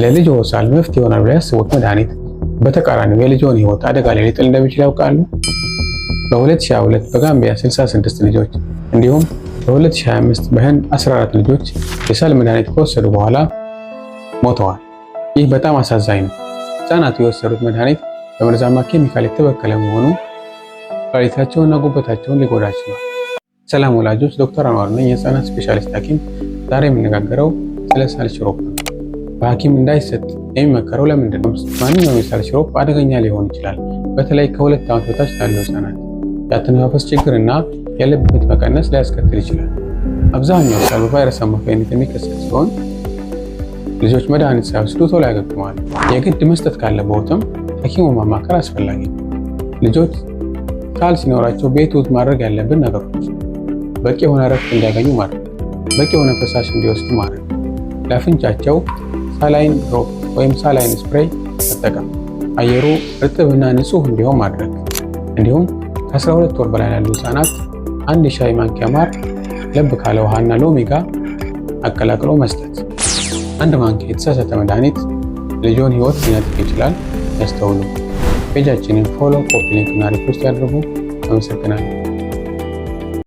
ለልጅ ሳል መፍትሄ ይሆናል ብለው ያስቡት መድኃኒት በተቃራኒው የልጅን ህይወት አደጋ ላይ ሊጥል እንደሚችል ያውቃሉ? በ2022 በጋምቢያ 66 ልጆች እንዲሁም በ2025 በህንድ 14 ልጆች የሳል መድኃኒት ከወሰዱ በኋላ ሞተዋል። ይህ በጣም አሳዛኝ ነው። ህፃናቱ የወሰዱት መድኃኒት በመርዛማ ኬሚካል የተበከለ መሆኑ ኩላሊታቸውንና ጉበታቸውን ሊጎዳ ችሏል። ሰላም ወላጆች፣ ዶክተር አኗር ነኝ የህፃናት ስፔሻሊስት ሐኪም። ዛሬ የምነጋገረው ስለ ሳል ሽሮፕ በሐኪም እንዳይሰጥ የሚመከረው ለምንድን ነው? ማንኛውም የሳል ሲሮፕ አደገኛ ሊሆን ይችላል፣ በተለይ ከሁለት ዓመት በታች ላሉ ህፃናት የአተነፋፈስ ችግር እና የልብ ምት መቀነስ ሊያስከትል ይችላል። አብዛኛው ሳል በቫይረስ አማካኝነት የሚከሰት ሲሆን ልጆች መድኃኒት ሳይወስዱ ቶሎ ያገግማሉ። የግድ መስጠት ካለብዎትም ሐኪሙን ማማከር አስፈላጊ ነው። ልጆች ሳል ሲኖራቸው ቤት ውስጥ ማድረግ ያለብን ነገሮች በቂ የሆነ እረፍት እንዲያገኙ ማድረግ፣ በቂ የሆነ ፈሳሽ እንዲወስዱ ማድረግ፣ ለአፍንጫቸው ሳላይን ድሮፕ ወይም ሳላይን ስፕሬይ መጠቀም፣ አየሩ እርጥብና ንጹህ እንዲሆን ማድረግ። እንዲሁም ከ12 ወር በላይ ላሉ ህፃናት አንድ ሻይ ማንኪያ ማር ለብ ካለ ውሃና ሎሚ ጋር አቀላቅሎ መስጠት። አንድ ማንኪያ የተሳሳተ መድኃኒት ልጆን ህይወት ሊነጥቅ ይችላል። ያስተውሉ። ፔጃችንን ፎሎ፣ ኮፒ፣ ሊንክና ሪፖስት ያድርጉ። አመሰግናለሁ።